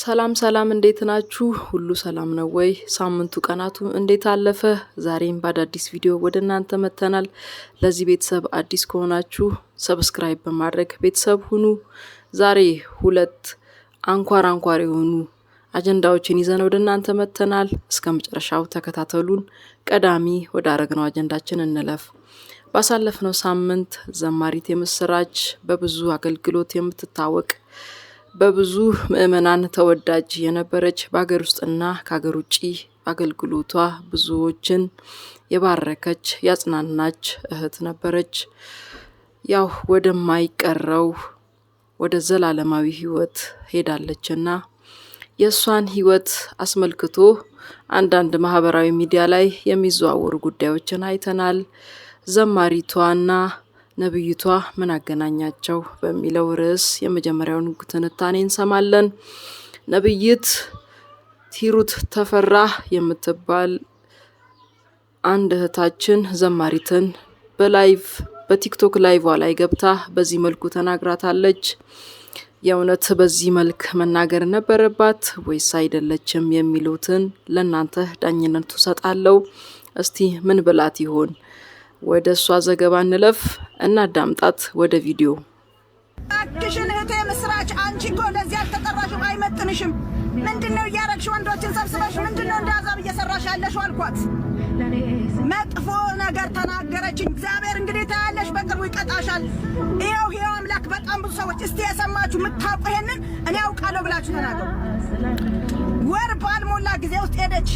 ሰላም ሰላም፣ እንዴት ናችሁ? ሁሉ ሰላም ነው ወይ? ሳምንቱ ቀናቱ እንዴት አለፈ? ዛሬም በአዳዲስ ቪዲዮ ወደ እናንተ መጥተናል። ለዚህ ቤተሰብ አዲስ ከሆናችሁ ሰብስክራይብ በማድረግ ቤተሰብ ሁኑ። ዛሬ ሁለት አንኳር አንኳር የሆኑ አጀንዳዎችን ይዘን ወደ እናንተ መጥተናል። እስከ መጨረሻው ተከታተሉን። ቀዳሚ ወደ አረግነው አጀንዳችን እንለፍ። ባሳለፍነው ሳምንት ዘማሪት የምስራች በብዙ አገልግሎት የምትታወቅ በብዙ ምዕመናን ተወዳጅ የነበረች በሀገር ውስጥና ከሀገር ውጭ አገልግሎቷ ብዙዎችን የባረከች ያጽናናች እህት ነበረች። ያው ወደማይቀረው ወደ ዘላለማዊ ሄዳለች ሄዳለችና የእሷን ህይወት አስመልክቶ አንዳንድ ማህበራዊ ሚዲያ ላይ የሚዘዋወሩ ጉዳዮችን አይተናል። ዘማሪቷና ነብይቷ ምን አገናኛቸው በሚለው ርዕስ የመጀመሪያውን ትንታኔ እንሰማለን። ነብይት ቲሩት ተፈራ የምትባል አንድ እህታችን ዘማሪትን በላይቭ በቲክቶክ ላይቫ ላይ ገብታ በዚህ መልኩ ተናግራታለች። የእውነት በዚህ መልክ መናገር ነበረባት ወይስ አይደለችም የሚሉትን ለእናንተ ዳኝነቱ ሰጣለው። እስቲ ምን ብላት ይሆን? ወደ እሷ ዘገባ እንለፍ እናዳምጣት። ወደ ቪዲዮ እባክሽን እህቴ ምስራች፣ አንቺ እኮ ለዚህ አልተጠራሽም፣ አይመጥንሽም። ምንድን ነው እያረግሽ? ወንዶችን ሰብስበሽ ምንድን ነው እንደ አዛብ እየሰራሽ ያለሽው አልኳት። መጥፎ ነገር ተናገረችኝ። እግዚአብሔር እንግዲህ ታያለሽ፣ በቅርቡ ይቀጣሻል። ይኸው ይኸው አምላክ። በጣም ብዙ ሰዎች እስቲ የሰማችሁ የምታውቁ ይሄንን እኔ አውቃለሁ ብላችሁ ተናገሩ። ወር ባልሞላ ጊዜ ውስጥ ሄደች።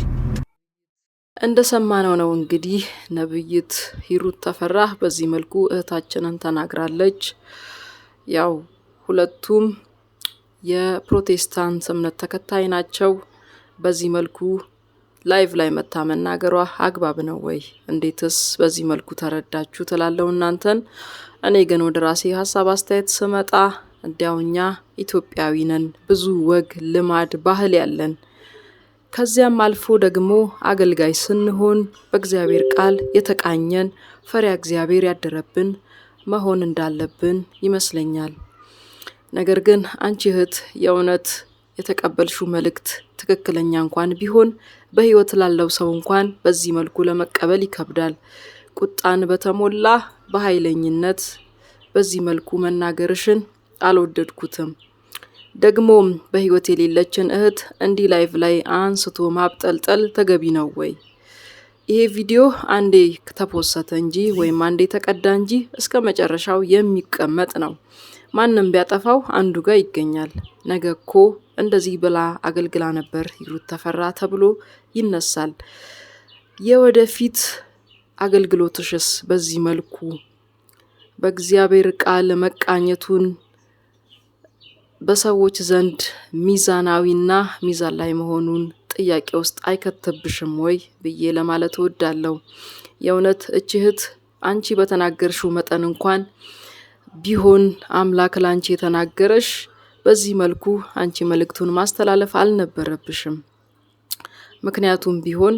እንደሰማነው ነው እንግዲህ ነብይት ሂሩት ተፈራ በዚህ መልኩ እህታችንን ተናግራለች። ያው ሁለቱም የፕሮቴስታንት እምነት ተከታይ ናቸው። በዚህ መልኩ ላይቭ ላይ መታ መናገሯ አግባብ ነው ወይ? እንዴትስ በዚህ መልኩ ተረዳችሁ ትላለው እናንተን። እኔ ግን ወደ ራሴ ሀሳብ አስተያየት ስመጣ እንዲያው እኛ ኢትዮጵያዊ ነን፣ ብዙ ወግ ልማድ ባህል ያለን ከዚያም አልፎ ደግሞ አገልጋይ ስንሆን በእግዚአብሔር ቃል የተቃኘን ፈሪያ እግዚአብሔር ያደረብን መሆን እንዳለብን ይመስለኛል። ነገር ግን አንቺ እህት የእውነት የተቀበልሹ መልእክት ትክክለኛ እንኳን ቢሆን በሕይወት ላለው ሰው እንኳን በዚህ መልኩ ለመቀበል ይከብዳል። ቁጣን በተሞላ በኃይለኝነት በዚህ መልኩ መናገርሽን አልወደድኩትም። ደግሞ በህይወት የሌለችን እህት እንዲህ ላይቭ ላይ አንስቶ ማብጠልጠል ተገቢ ነው ወይ? ይሄ ቪዲዮ አንዴ ተፖሰተ እንጂ ወይም አንዴ ተቀዳ እንጂ እስከ መጨረሻው የሚቀመጥ ነው። ማንም ቢያጠፋው አንዱ ጋር ይገኛል። ነገ እኮ እንደዚህ ብላ አገልግላ ነበር ሂሩት ተፈራ ተብሎ ይነሳል። የወደፊት አገልግሎትሽስ በዚህ መልኩ በእግዚአብሔር ቃል መቃኘቱን በሰዎች ዘንድ ሚዛናዊና ሚዛን ላይ መሆኑን ጥያቄ ውስጥ አይከትብሽም ወይ ብዬ ለማለት እወዳለሁ። የእውነት እች እህት አንቺ በተናገርሽው መጠን እንኳን ቢሆን አምላክ ለአንቺ የተናገረሽ በዚህ መልኩ አንቺ መልእክቱን ማስተላለፍ አልነበረብሽም። ምክንያቱም ቢሆን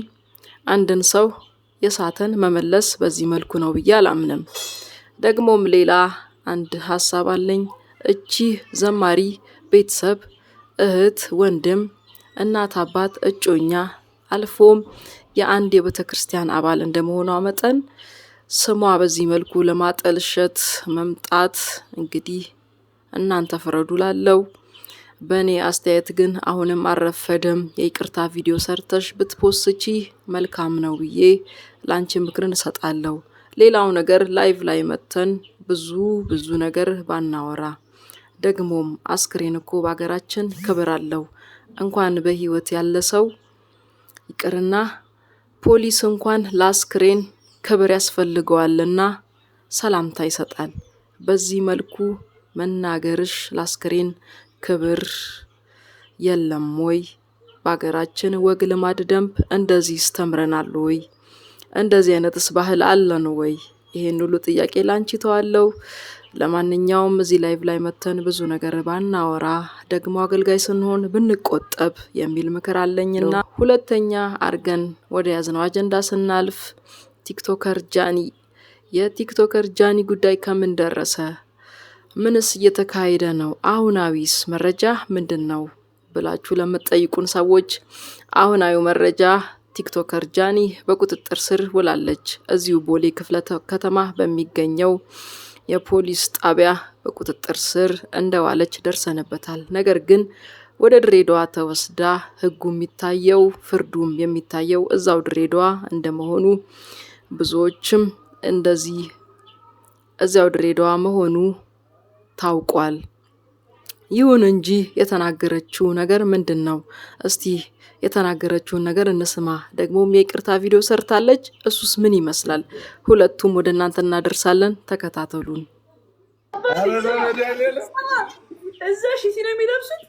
አንድን ሰው የሳተን መመለስ በዚህ መልኩ ነው ብዬ አላምንም። ደግሞም ሌላ አንድ ሀሳብ አለኝ። እቺህ ዘማሪ ቤተሰብ፣ እህት፣ ወንድም፣ እናት፣ አባት፣ እጮኛ አልፎም የአንድ የቤተ ክርስቲያን አባል እንደመሆኗ መጠን ስሟ በዚህ መልኩ ለማጠልሸት መምጣት እንግዲህ እናንተ ፍረዱ ላለው በእኔ አስተያየት ግን አሁንም አረፈደም። የይቅርታ ቪዲዮ ሰርተሽ ብትፖስቺ መልካም ነው ብዬ ለአንቺ ምክርን እሰጣለሁ። ሌላው ነገር ላይቭ ላይ መጥተን ብዙ ብዙ ነገር ባናወራ ደግሞም አስክሬን እኮ በሀገራችን ክብር አለው። እንኳን በህይወት ያለ ሰው ይቅርና ፖሊስ እንኳን ለአስክሬን ክብር ያስፈልገዋልና ሰላምታ ይሰጣል። በዚህ መልኩ መናገርሽ ለአስክሬን ክብር የለም ወይ? በሀገራችን ወግ፣ ልማድ፣ ደንብ እንደዚህ ይስተምረናል ወይ? እንደዚህ አይነትስ ባህል አለን ወይ? ይህን ሁሉ ጥያቄ ላንቺ ተዋለው። ለማንኛውም እዚህ ላይቭ ላይ መተን ብዙ ነገር ባናወራ ደግሞ አገልጋይ ስንሆን ብንቆጠብ የሚል ምክር አለኝና ሁለተኛ አርገን ወደ ያዝነው አጀንዳ ስናልፍ ቲክቶከር ጃኒ የቲክቶከር ጃኒ ጉዳይ ከምን ደረሰ? ምንስ እየተካሄደ ነው? አሁናዊስ መረጃ ምንድን ነው ብላችሁ ለምትጠይቁን ሰዎች አሁናዊ መረጃ ቲክቶከር ጃኒ በቁጥጥር ስር ውላለች። እዚሁ ቦሌ ክፍለ ከተማ በሚገኘው የፖሊስ ጣቢያ በቁጥጥር ስር እንደዋለች ደርሰንበታል። ነገር ግን ወደ ድሬዳዋ ተወስዳ ህጉ የሚታየው ፍርዱም የሚታየው እዛው ድሬዳዋ እንደመሆኑ ብዙዎችም እንደዚህ እዚያው ድሬዳዋ መሆኑ ታውቋል። ይሁን እንጂ የተናገረችው ነገር ምንድን ነው? እስቲ የተናገረችውን ነገር እንስማ። ደግሞም የይቅርታ ቪዲዮ ሰርታለች። እሱስ ምን ይመስላል? ሁለቱም ወደ እናንተ እናደርሳለን። ተከታተሉን። እዛ ሺ ነው የሚለብሱት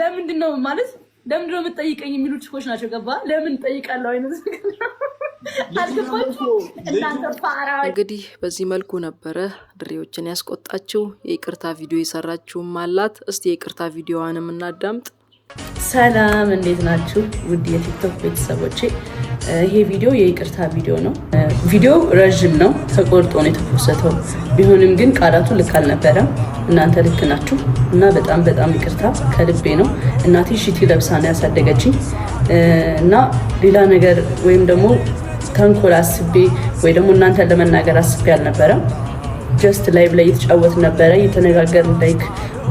ለምንድን ነው ማለት ለምንድን ነው የምትጠይቀኝ የሚሉ ችኮች ናቸው። ገባ ለምን ጠይቃለሁ አይነት እንግዲህ በዚህ መልኩ ነበረ ድሬዎችን ያስቆጣችው። የይቅርታ ቪዲዮ የሰራችውም አላት። እስቲ የይቅርታ ቪዲዮዋንም እናዳምጥ። ሰላም፣ እንዴት ናችሁ ውድ የቲክቶክ ቤተሰቦቼ? ይሄ ቪዲዮ የይቅርታ ቪዲዮ ነው። ቪዲዮ ረዥም ነው፣ ተቆርጦ ነው የተፖሰተው። ቢሆንም ግን ቃላቱ ልክ አልነበረም። እናንተ ልክ ናችሁ እና በጣም በጣም ይቅርታ ከልቤ ነው። እናቴ ሽቲ ለብሳ ነው ያሳደገችኝ እና ሌላ ነገር ወይም ደግሞ ተንኮል አስቤ ወይ ደግሞ እናንተን ለመናገር አስቤ አልነበረም። ጀስት ላይቭ ላይ እየተጫወት ነበረ እየተነጋገር ላይክ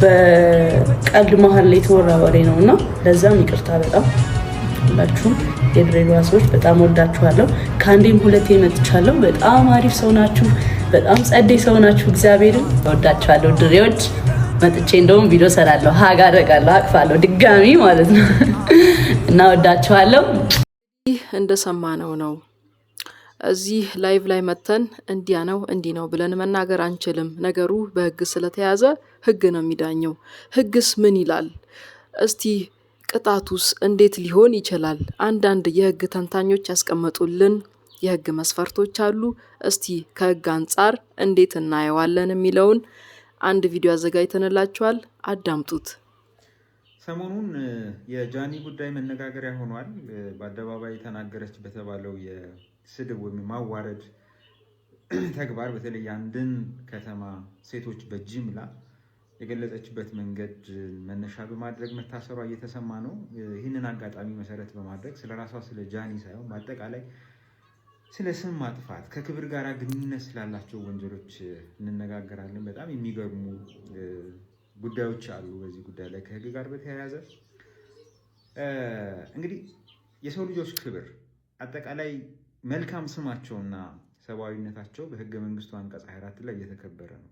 በቀልድ መሀል ላይ የተወራ ወሬ ነው እና ለዛም ይቅርታ በጣም ሁላችሁም የድሬዳዋ ሰዎች በጣም ወዳችኋለሁ። ከአንዴም ሁለቴ መጥቻለሁ። በጣም አሪፍ ሰው ናችሁ። በጣም ጸዴ ሰው ናችሁ። እግዚአብሔርን ወዳችኋለሁ። ድሬዎች መጥቼ እንደውም ቪዲዮ ሰራለሁ፣ ሀግ አደርጋለሁ፣ አቅፋለሁ ድጋሚ ማለት ነው እና ወዳችኋለሁ። ይህ እንደሰማነው ነው። እዚህ ላይቭ ላይ መተን እንዲያ ነው እንዲህ ነው ብለን መናገር አንችልም። ነገሩ በህግ ስለተያዘ ህግ ነው የሚዳኘው። ህግስ ምን ይላል? እስቲ ቅጣቱስ እንዴት ሊሆን ይችላል? አንዳንድ የህግ ተንታኞች ያስቀመጡልን የህግ መስፈርቶች አሉ። እስቲ ከህግ አንጻር እንዴት እናየዋለን የሚለውን አንድ ቪዲዮ አዘጋጅተንላችኋል፣ አዳምጡት። ሰሞኑን የጃኒ ጉዳይ መነጋገሪያ ሆኗል። በአደባባይ ተናገረች በተባለው የስድብ ወይም የማዋረድ ተግባር በተለይ አንድን ከተማ ሴቶች በጅምላ የገለጸችበት መንገድ መነሻ በማድረግ መታሰሯ እየተሰማ ነው። ይህንን አጋጣሚ መሰረት በማድረግ ስለ ራሷ ስለ ጃኒ ሳይሆን በአጠቃላይ ስለ ስም ማጥፋት ከክብር ጋር ግንኙነት ስላላቸው ወንጀሎች እንነጋገራለን። በጣም የሚገርሙ ጉዳዮች አሉ። በዚህ ጉዳይ ላይ ከህግ ጋር በተያያዘ እንግዲህ የሰው ልጆች ክብር አጠቃላይ መልካም ስማቸውና ሰብአዊነታቸው በህገ መንግስቱ አንቀጽ 24 ላይ እየተከበረ ነው።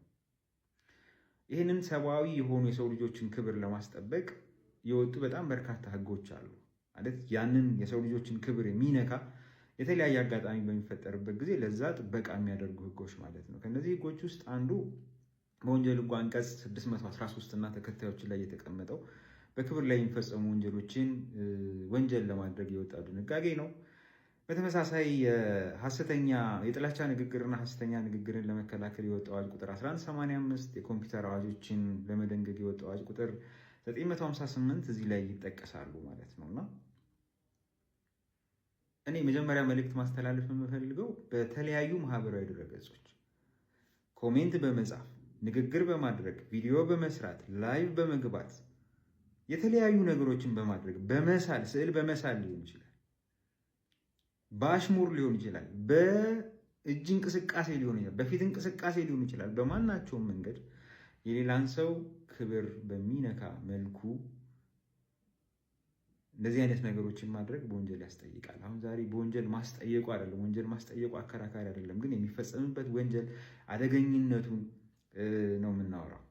ይህንን ሰብአዊ የሆኑ የሰው ልጆችን ክብር ለማስጠበቅ የወጡ በጣም በርካታ ህጎች አሉ። ማለት ያንን የሰው ልጆችን ክብር የሚነካ የተለያየ አጋጣሚ በሚፈጠርበት ጊዜ ለዛ ጥበቃ የሚያደርጉ ህጎች ማለት ነው። ከነዚህ ህጎች ውስጥ አንዱ በወንጀል ህጉ አንቀጽ 613 እና ተከታዮች ላይ የተቀመጠው በክብር ላይ የሚፈጸሙ ወንጀሎችን ወንጀል ለማድረግ የወጣ ድንጋጌ ነው። በተመሳሳይ ሀሰተኛ የጥላቻ ንግግርና ሀሰተኛ ንግግርን ለመከላከል የወጣ አዋጅ ቁጥር 1185 የኮምፒውተር አዋጆችን ለመደንገግ የወጣው አዋጅ ቁጥር 958 እዚህ ላይ ይጠቀሳሉ ማለት ነው። እና እኔ መጀመሪያ መልእክት ማስተላለፍ የምፈልገው በተለያዩ ማህበራዊ ድረገጾች ኮሜንት በመጻፍ ንግግር በማድረግ ቪዲዮ በመስራት ላይቭ በመግባት የተለያዩ ነገሮችን በማድረግ በመሳል ስዕል በመሳል ሊሆን ይችላል በአሽሙር ሊሆን ይችላል፣ በእጅ እንቅስቃሴ ሊሆን ይችላል፣ በፊት እንቅስቃሴ ሊሆን ይችላል። በማናቸውም መንገድ የሌላን ሰው ክብር በሚነካ መልኩ እንደዚህ አይነት ነገሮችን ማድረግ በወንጀል ያስጠይቃል። አሁን ዛሬ በወንጀል ማስጠየቁ አይደለም ወንጀል ማስጠየቁ አከራካሪ አይደለም፣ ግን የሚፈጸምበት ወንጀል አደገኝነቱን ነው የምናወራው።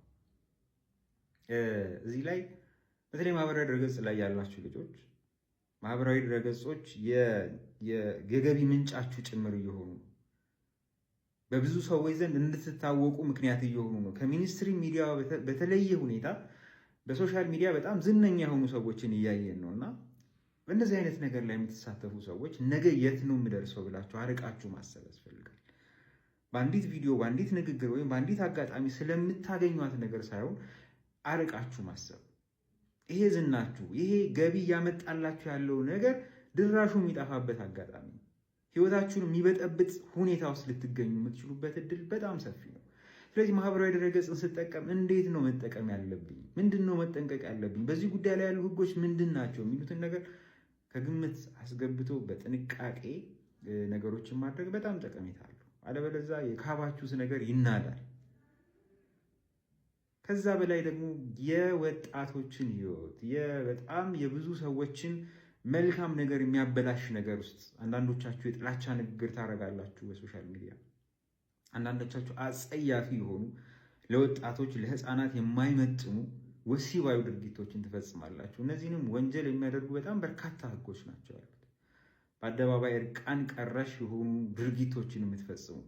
እዚህ ላይ በተለይ ማህበራዊ ድረገጽ ላይ ያላችሁ ልጆች ማህበራዊ ድረገጾች የገቢ ምንጫችሁ ጭምር እየሆኑ በብዙ ሰዎች ዘንድ እንድትታወቁ ምክንያት እየሆኑ ነው። ከሚኒስትሪ ሚዲያ በተለየ ሁኔታ በሶሻል ሚዲያ በጣም ዝነኛ የሆኑ ሰዎችን እያየን ነው እና በእነዚህ አይነት ነገር ላይ የምትሳተፉ ሰዎች ነገ የት ነው የምደርሰው ብላችሁ አርቃችሁ ማሰብ ያስፈልጋል። በአንዲት ቪዲዮ፣ በአንዲት ንግግር ወይም በአንዲት አጋጣሚ ስለምታገኟት ነገር ሳይሆን አርቃችሁ ማሰብ ይሄ ዝናችሁ ይሄ ገቢ እያመጣላችሁ ያለው ነገር ድራሹ የሚጠፋበት አጋጣሚ ህይወታችሁን የሚበጠብጥ ሁኔታ ውስጥ ልትገኙ የምትችሉበት እድል በጣም ሰፊ ነው። ስለዚህ ማህበራዊ ድረገጽን ስጠቀም እንዴት ነው መጠቀም ያለብኝ? ምንድን ነው መጠንቀቅ ያለብኝ? በዚህ ጉዳይ ላይ ያሉ ህጎች ምንድን ናቸው? የሚሉትን ነገር ከግምት አስገብቶ በጥንቃቄ ነገሮችን ማድረግ በጣም ጠቀሜታ አለው። አለበለዛ የካባችሁት ነገር ይናዳል። ከዛ በላይ ደግሞ የወጣቶችን ህይወት በጣም የብዙ ሰዎችን መልካም ነገር የሚያበላሽ ነገር ውስጥ አንዳንዶቻችሁ የጥላቻ ንግግር ታደርጋላችሁ በሶሻል ሚዲያ። አንዳንዶቻችሁ አጸያፊ የሆኑ ለወጣቶች ለህፃናት የማይመጥኑ ወሲባዊ ድርጊቶችን ትፈጽማላችሁ። እነዚህንም ወንጀል የሚያደርጉ በጣም በርካታ ህጎች ናቸው ያሉት። በአደባባይ እርቃን ቀረሽ የሆኑ ድርጊቶችን የምትፈጽሙ፣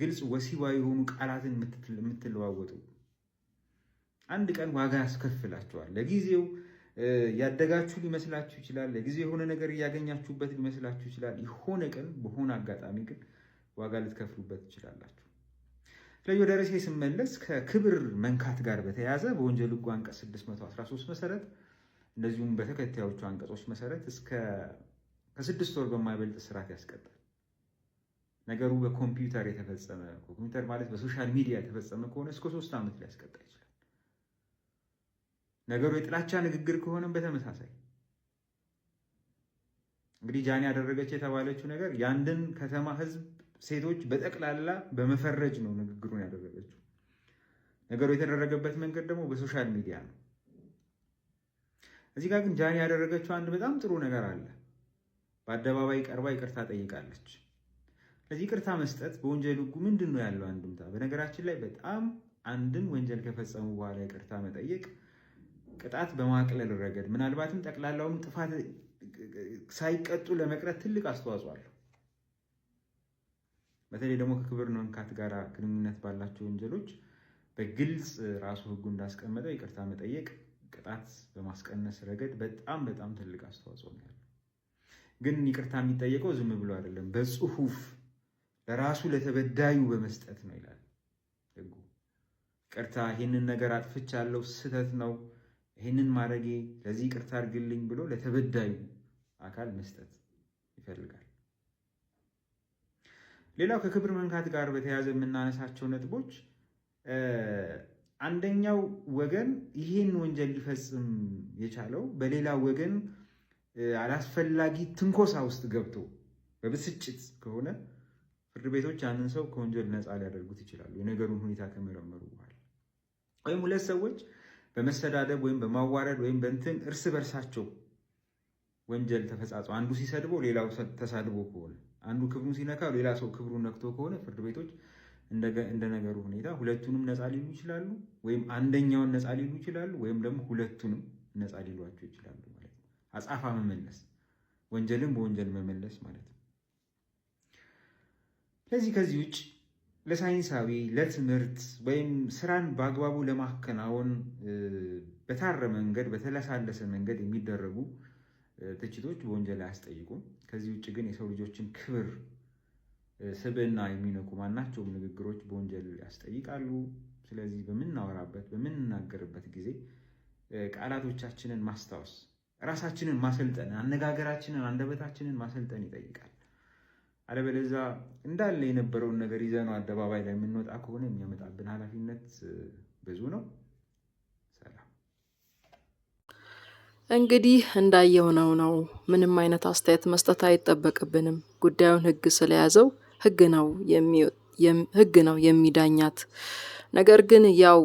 ግልጽ ወሲባዊ የሆኑ ቃላትን የምትለዋወጡ አንድ ቀን ዋጋ ያስከፍላቸዋል ለጊዜው ያደጋችሁ ሊመስላችሁ ይችላል። ለጊዜ የሆነ ነገር እያገኛችሁበት ሊመስላችሁ ይችላል። የሆነ ቀን በሆነ አጋጣሚ ግን ዋጋ ልትከፍሉበት ትችላላችሁ። ስለዚህ ወደ ርዕሴ ስመለስ ከክብር መንካት ጋር በተያያዘ በወንጀል ሕጉ አንቀጽ 613 መሰረት እንደዚሁም በተከታዮቹ አንቀጾች መሰረት እስከ ከስድስት ወር በማይበልጥ እስራት ያስቀጣል። ነገሩ በኮምፒውተር የተፈጸመ ኮምፒውተር ማለት በሶሻል ሚዲያ የተፈጸመ ከሆነ እስከ ሶስት ዓመት ሊያስቀጣ ይችላል። ነገሩ የጥላቻ ንግግር ከሆነም በተመሳሳይ እንግዲህ ጃኒ ያደረገች የተባለችው ነገር የአንድን ከተማ ህዝብ ሴቶች በጠቅላላ በመፈረጅ ነው ንግግሩን ያደረገችው። ነገሩ የተደረገበት መንገድ ደግሞ በሶሻል ሚዲያ ነው። እዚህ ጋር ግን ጃኒ ያደረገችው አንድ በጣም ጥሩ ነገር አለ። በአደባባይ ቀርባ ይቅርታ ጠይቃለች። ለዚህ ይቅርታ መስጠት በወንጀል ህጉ ምንድን ነው ያለው አንድምታ? በነገራችን ላይ በጣም አንድን ወንጀል ከፈጸሙ በኋላ ይቅርታ መጠየቅ ቅጣት በማቅለል ረገድ ምናልባትም ጠቅላላውም ጥፋት ሳይቀጡ ለመቅረት ትልቅ አስተዋጽኦ አለው። በተለይ ደግሞ ከክብር መንካት ጋር ግንኙነት ባላቸው ወንጀሎች በግልጽ ራሱ ሕጉ እንዳስቀመጠው ይቅርታ መጠየቅ ቅጣት በማስቀነስ ረገድ በጣም በጣም ትልቅ አስተዋጽኦ ነው ያለው። ግን ይቅርታ የሚጠየቀው ዝም ብሎ አይደለም፣ በጽሁፍ ለራሱ ለተበዳዩ በመስጠት ነው ይላል ሕጉ። ቅርታ ይህንን ነገር አጥፍቻለሁ፣ ስህተት ነው ይህንን ማድረጌ ለዚህ ይቅርታ አድርግልኝ ብሎ ለተበዳዩ አካል መስጠት ይፈልጋል። ሌላው ከክብር መንካት ጋር በተያያዘ የምናነሳቸው ነጥቦች አንደኛው ወገን ይህን ወንጀል ሊፈጽም የቻለው በሌላ ወገን አላስፈላጊ ትንኮሳ ውስጥ ገብቶ በብስጭት ከሆነ ፍርድ ቤቶች ያንን ሰው ከወንጀል ነፃ ሊያደርጉት ይችላሉ፣ የነገሩን ሁኔታ ከመረመሩ በኋላ ወይም ሁለት ሰዎች በመሰዳደብ ወይም በማዋረድ ወይም በእንትን እርስ በርሳቸው ወንጀል ተፈጻጸው አንዱ ሲሰድቦ ሌላው ተሳድቦ ከሆነ አንዱ ክብሩን ሲነካ ሌላ ሰው ክብሩን ነክቶ ከሆነ ፍርድ ቤቶች እንደነገሩ ሁኔታ ሁለቱንም ነፃ ሊሉ ይችላሉ፣ ወይም አንደኛውን ነፃ ሊሉ ይችላሉ፣ ወይም ደግሞ ሁለቱንም ነፃ ሊሏቸው ይችላሉ ማለት ነው። አጻፋ መመለስ ወንጀልን በወንጀል መመለስ ማለት ነው። ስለዚህ ከዚህ ውጭ ለሳይንሳዊ ለትምህርት ወይም ስራን በአግባቡ ለማከናወን በታረ መንገድ በተለሳለሰ መንገድ የሚደረጉ ትችቶች በወንጀል አያስጠይቁም። ከዚህ ውጭ ግን የሰው ልጆችን ክብር፣ ስብዕና የሚነኩ ማናቸውም ንግግሮች በወንጀል ያስጠይቃሉ። ስለዚህ በምናወራበት በምንናገርበት ጊዜ ቃላቶቻችንን ማስታወስ፣ ራሳችንን ማሰልጠን፣ አነጋገራችንን፣ አንደበታችንን ማሰልጠን ይጠይቃል። አለበለዛ እንዳለ የነበረውን ነገር ይዘ ነው አደባባይ ላይ የምንወጣ ከሆነ የሚያመጣብን ኃላፊነት ብዙ ነው። ሰላም እንግዲህ እንዳየሆነው ነው። ምንም አይነት አስተያየት መስጠት አይጠበቅብንም። ጉዳዩን ህግ ስለያዘው ህግ ነው ነው የሚዳኛት። ነገር ግን ያው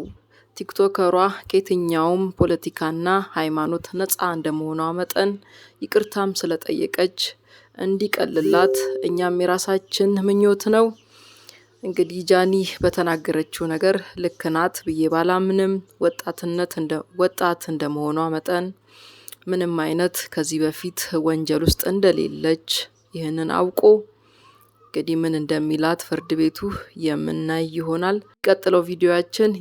ቲክቶከሯ ከየትኛውም ፖለቲካና ሃይማኖት ነፃ እንደመሆኗ መጠን ይቅርታም ስለጠየቀች እንዲቀልላት እኛም የራሳችን ምኞት ነው። እንግዲህ ጃኒ በተናገረችው ነገር ልክ ናት ብዬ ባላምንም ወጣትነት ወጣት እንደመሆኗ መጠን ምንም አይነት ከዚህ በፊት ወንጀል ውስጥ እንደሌለች ይህንን አውቆ እንግዲህ ምን እንደሚላት ፍርድ ቤቱ የምናይ ይሆናል። ቀጥለው ቪዲዮያችን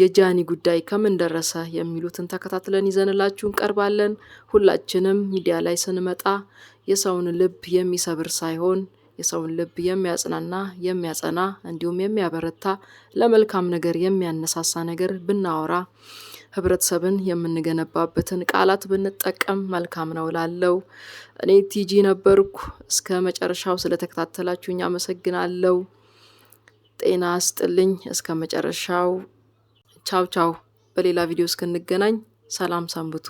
የጃኒ ጉዳይ ከምን ደረሰ የሚሉትን ተከታትለን ይዘንላችሁ እንቀርባለን። ሁላችንም ሚዲያ ላይ ስንመጣ የሰውን ልብ የሚሰብር ሳይሆን የሰውን ልብ የሚያጽናና የሚያጸና እንዲሁም የሚያበረታ ለመልካም ነገር የሚያነሳሳ ነገር ብናወራ ህብረተሰብን የምንገነባበትን ቃላት ብንጠቀም መልካም ነው ላለው እኔ ቲጂ ነበርኩ። እስከ መጨረሻው ስለተከታተላችሁኝ አመሰግናለው ጤና ስጥልኝ። እስከ መጨረሻው ቻው ቻው። በሌላ ቪዲዮ እስክንገናኝ ሰላም ሰንብቱ።